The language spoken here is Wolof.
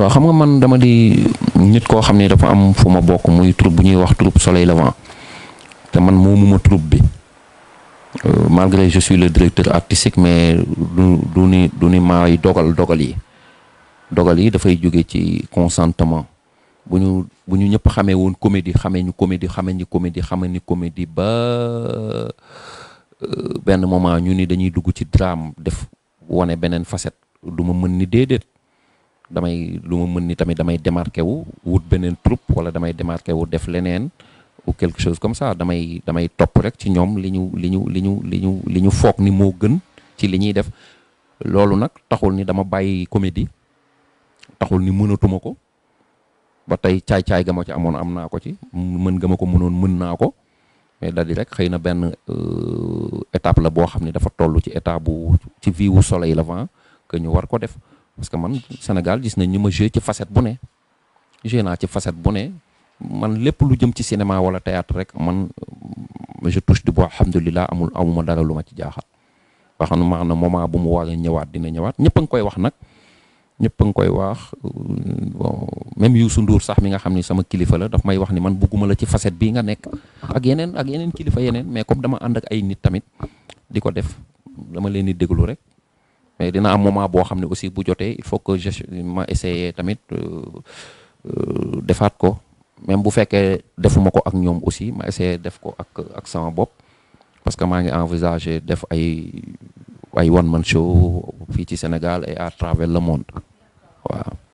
wa xam nga man dama di nit ko xamni dafa am fuma bok muy troupe bu ñuy wax troupe soleil levant te man moomuma troupe bi euh, malgré je suis le directeur artistique mais du ni du ni may dogal dogal yi dogal yi fay jóge ci consentement bu ñu bu ñu ñëpp xamé woon comédie xamé ñu comédie xamé ñu comédie xamé ni comédie ba euh, ben moment ñu ni dañuy dugg ci drame def wane benen facette duma mën ni déedéet damay lu ma mën ni tamit damay démarqué wu wut beneen troupe wala damay démarqué wu def leneen ou quelque chose comme ça damay damay topp rek ci ñoom li ñu li ñu li ñu li ñu li ñu foog ni moo gën ci li ñuy def loolu nag taxul ni dama bàyyi comédie taxul ni mënatuma ko ba tey caay-caay ga ma ci amoon am naa ko ci mën ga ma ko mënoon mën naa ko mais dal di rek xëy na benn euh, étape la boo xam ne dafa toll ci état bu ci vie wu soleil levant que ñu war ko def parce que man Sénégal gis nañ ñu ma joué ci facette bu ne joué naa ci facette bu ne man lépp lu jëm ci cinéma wala théâtre rek man je touche du bois alhamdulilah amul amuma dara lu ma ci jaaxal. wax na maanaam bu mu war ñëwaat dina ñëwaat ñëpp nga koy wax nag ñëpp a koy wax bon même Youssou sax mi nga xam ni sama kilifa la daf may wax ni man bugguma la ci facette bii nga nekk. ak yeneen ak yeneen kilifa yeneen mais comme dama ànd ak ay nit tamit di ko def dama leen di déglu rek. mais dina am moment boo xam ne aussi bu jotee il faut que je ma essayer tamit euh, euh, defaat ko même bu fekkee defuma ko ak ñoom aussi ma essayer def ko ak ak sama bopp parce que maa ngi envisager def ay ay one man show fii ci Sénégal et à travers le monde waaw.